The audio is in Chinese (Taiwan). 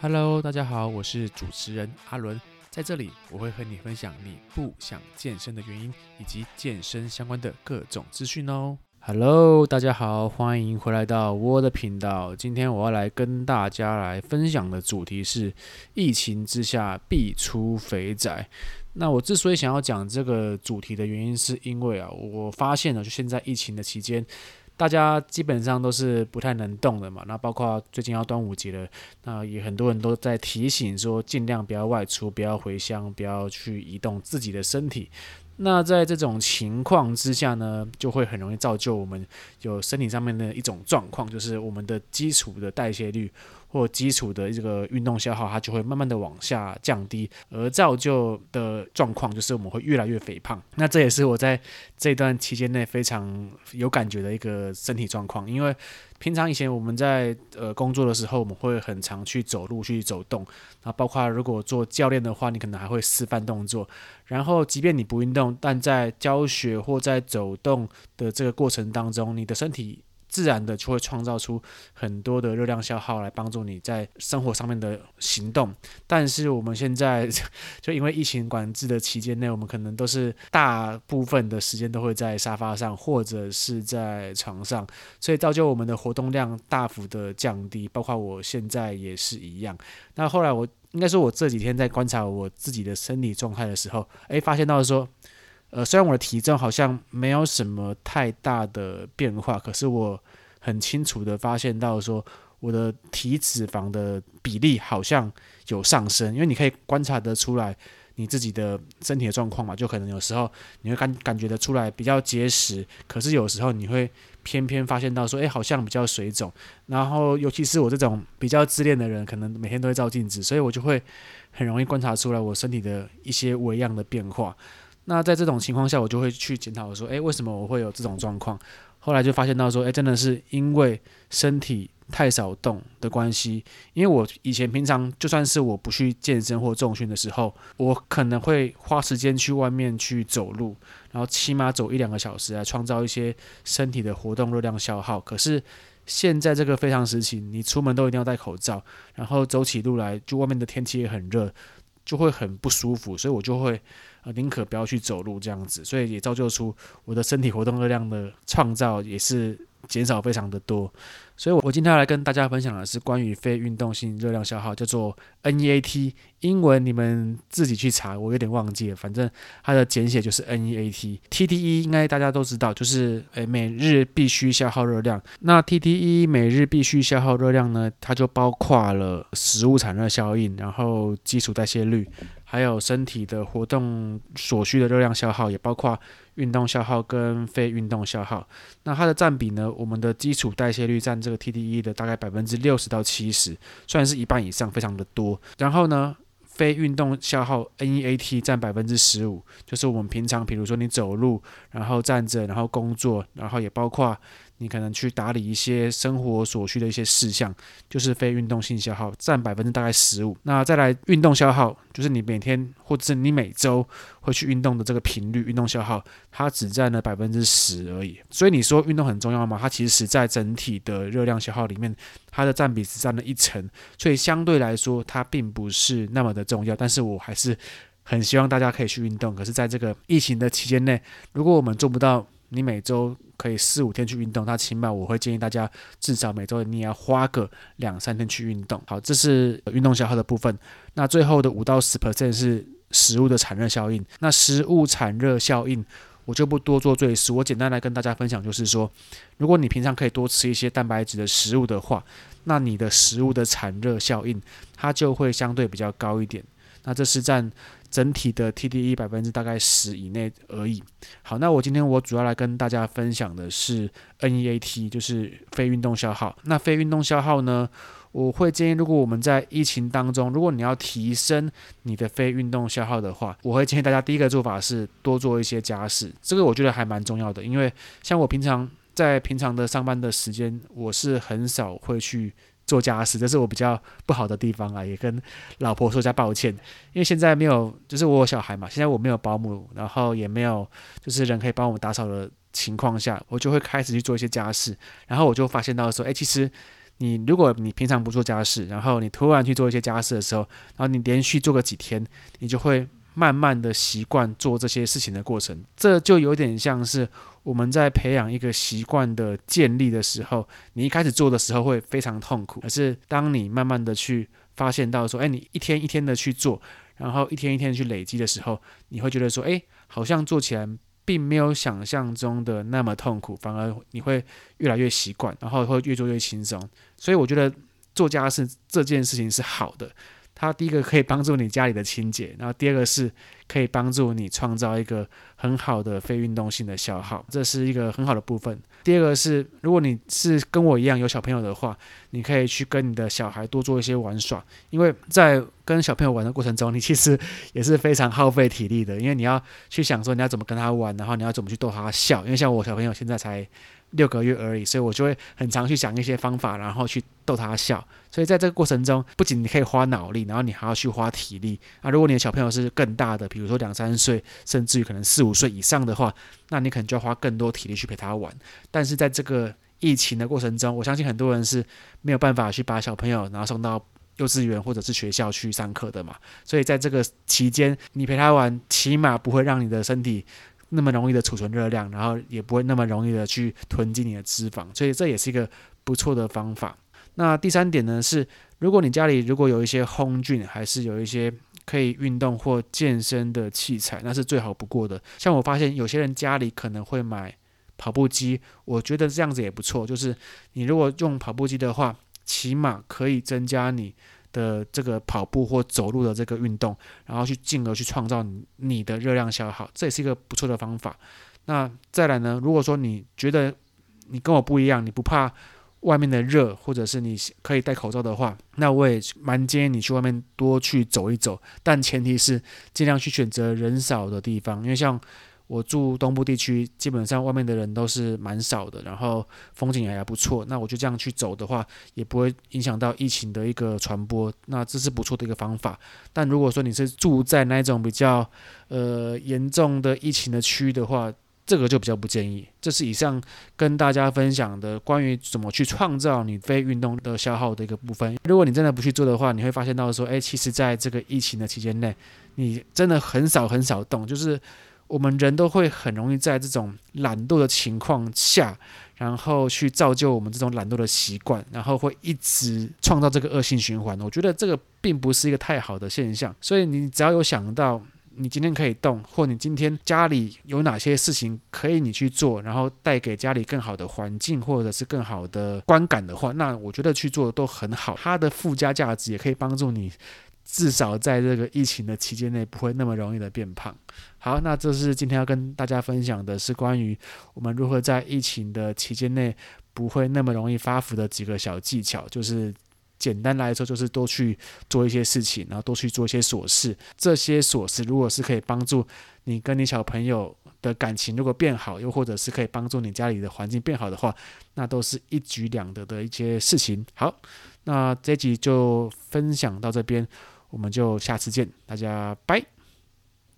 Hello，大家好，我是主持人阿倫，在這裡我會和你分享你不想健身的原因，以及健身相關的各種資訊哦。Hello，大家好，歡迎回來到我的頻道。今天我要來跟大家來分享的主題是疫情之下必出肥仔。那我之所以想要講這個主題的原因，是因為啊，我發現了就現在疫情的期間。大家基本上都是不太能動的嘛，那包括最近要端午節了，那也很多人都在提醒說，盡量不要外出，不要回鄉，不要去移動自己的身體。那在這種情況之下呢，就會很容易造就我們有身體上面的一種狀況，就是我們的基礎的代謝率。或基礎的這個運動消耗，它就會慢慢的往下降低，而造就的狀況就是我們會越來越肥胖。那這也是我在這段期間內非常有感覺的一個身體狀況，因為平常以前我們在呃工作的時候，我們會很常去走路去走動，那包括如果做教練的話，你可能還會示範動作，然後即便你不運動，但在教學或在走動的這個過程當中，你的身體。自然的就會創造出很多的熱量消耗來幫助你在生活上面的行動。但是我們現在就因為疫情管制的期間內，我們可能都是大部分的時間都會在沙發上或者是在床上，所以造就我們的活動量大幅的降低。包括我現在也是一樣。那後來我應該說，我這幾天在觀察我自己的生理狀態的時候，誒，發現到說。呃，雖然我的體重好像沒有什麼太大的變化，可是我很清楚的發現到說，我的體脂肪的比例好像有上升。因為你可以觀察得出來你自己的身體的狀況嘛，就可能有時候你會感感覺得出來比較結實，可是有時候你會偏偏發現到說，哎，好像比較水腫。然後，尤其是我這種比較自戀的人，可能每天都會照鏡子，所以我就會很容易觀察出來我身體的一些微樣的變化。那在這種情況下，我就會去檢討說，哎、欸，為什麼我會有這種狀況？後來就發現到說，哎、欸，真的是因為身體太少動的關係。因為我以前平常就算是我不去健身或重訓的時候，我可能會花時間去外面去走路，然後起碼走一兩個小時，來創造一些身體的活動熱量消耗。可是現在這個非常時期，你出門都一定要戴口罩，然後走起路來，就外面的天氣也很熱。就會很不舒服，所以我就會，呃，寧可不要去走路這樣子，所以也造就出我的身體活動熱量的創造也是減少非常的多，所以，我今天要來跟大家分享的是關於非運動性熱量消耗，叫做 NEAT。英文你們自己去查，我有點忘記了。反正它的簡寫就是 NEAT。TDE 應該大家都知道，就是誒每日必須消耗熱量。那 TDE 每日必須消耗熱量呢，它就包括了食物產熱效應，然後基礎代謝率。還有身體的活動所需的熱量消耗，也包括運動消耗跟非運動消耗。那它的占比呢？我們的基礎代謝率占這個 TDE 的大概百分之六十到七十，雖然是一半以上，非常的多。然後呢，非運動消耗 NEAT 占百分之十五，就是我們平常，比如說你走路，然後站着，然後工作，然後也包括。你可能去打理一些生活所需的一些事項，就是非運動性消耗占百分之大概十五。那再來運動消耗，就是你每天或者是你每周會去運動的這個頻率，運動消耗它只占了百分之十而已。所以你說運動很重要嗎？它其實，在整體的熱量消耗裡面，它的占比只占了一成，所以相對來說它並不是那麼的重要。但是我還是很希望大家可以去運動。可是，在這個疫情的期間內，如果我們做不到，你每週可以四五天去運動，那起碼我會建議大家至少每週你也要花個兩三天去運動。好，這是運動消耗的部分。那最後的五到十 percent 是食物的產熱效應。那食物產熱效應，我就不多做贅述，我簡單來跟大家分享，就是說，如果你平常可以多吃一些蛋白質的食物的話，那你的食物的產熱效應它就會相對比較高一點。那這是佔整體的 TDE 百分之大概十以內而已。好，那我今天我主要來跟大家分享的是 NEAT，就是非運動消耗。那非運動消耗呢，我會建議，如果我們在疫情當中，如果你要提升你的非運動消耗的話，我會建議大家第一個做法是多做一些家事，這個我覺得還蠻重要的，因為像我平常在平常的上班的時間，我是很少會去。做家事，這是我比較不好的地方啊，也跟老婆說一下抱歉。因為現在沒有，就是我有小孩嘛，現在我沒有保姆，然後也沒有就是人可以幫我們打掃的情況下，我就會開始去做一些家事。然後我就發現到說，哎，其實你如果你平常不做家事，然後你突然去做一些家事的時候，然後你連續做個幾天，你就會。慢慢的習慣做這些事情的過程，這就有點像是我們在培養一個習慣的建立的時候，你一開始做的時候會非常痛苦，可是當你慢慢的去發現到說，哎，你一天一天的去做，然後一天一天去累積的時候，你會覺得說，哎，好像做起來並沒有想象中的那麼痛苦，反而你會越來越習慣，然後會越做越輕鬆。所以我覺得做家事這件事情是好的。它第一個可以幫助你家裡的清潔，然後第二個是，可以幫助你創造一個很好的非運動性的消耗，這是一個很好的部分。第二個是，如果你是跟我一樣有小朋友的話，你可以去跟你的小孩多做一些玩耍，因為在跟小朋友玩的過程中，你其實也是非常耗費體力的，因為你要去想說你要怎麼跟他玩，然後你要怎麼去逗他笑。因為像我小朋友現在才六個月而已，所以我就會很常去想一些方法，然後去逗他笑。所以在這個過程中，不僅你可以花腦力，然後你還要去花體力。啊，如果你的小朋友是更大的，比如說兩三歲，甚至於可能四五歲以上的話，那你可能就要花更多體力去陪他玩。但是在這個疫情的過程中，我相信很多人是沒有辦法去把小朋友然後送到幼稚園或者是學校去上課的嘛。所以在這個期間，你陪他玩，起碼不會讓你的身體那麼容易的儲存熱量，然後也不會那麼容易的去囤積你的脂肪。所以這也是一個不錯的方法。那第三點呢，是如果你家裡如果有一些紅菌，還是有一些。可以運動或健身的器材，那是最好不過的。像我發現有些人家裡可能會買跑步機，我覺得這樣子也不錯。就是你如果用跑步機的話，起碼可以增加你的這個跑步或走路的這個運動，然後去進而去創造你的熱量消耗，這也是一個不錯的方法。那再來呢？如果說你覺得你跟我不一樣，你不怕。外面的熱，或者是你可以戴口罩的話，那我也蠻建議你去外面多去走一走，但前提是盡量去選擇人少的地方，因為像我住東部地區，基本上外面的人都是蠻少的，然後風景也還還不錯。那我就這樣去走的話，也不會影響到疫情的一個傳播，那這是不錯的一個方法。但如果說你是住在那種比較呃嚴重的疫情的區域的話，這個就比較不建議。這是以上跟大家分享的關於怎麼去創造你非運動的消耗的一個部分。如果你真的不去做的話，你會發現到說，哎，其實在這個疫情的期間內，你真的很少很少動。就是我們人都會很容易在這種懶惰的情況下，然後去造就我們這種懶惰的習慣，然後會一直創造這個惡性循環。我覺得這個並不是一個太好的現象。所以你只要有想到，你今天可以動，或你今天家裡有哪些事情可以你去做，然後帶給家裡更好的環境，或者是更好的觀感的話，那我覺得去做都很好。它的附加價值也可以幫助你，至少在這個疫情的期間內不會那麼容易的變胖。好，那這是今天要跟大家分享的是關於我們如何在疫情的期間內不會那麼容易發福的幾個小技巧，就是。簡單來說，就是多去做一些事情，然後多去做一些瑣事。這些瑣事，如果是可以幫助你跟你小朋友的感情如果變好，又或者是可以幫助你家裡的環境變好的話，那都是一舉兩得的一些事情。好，那這集就分享到這邊，我們就下次見，大家掰。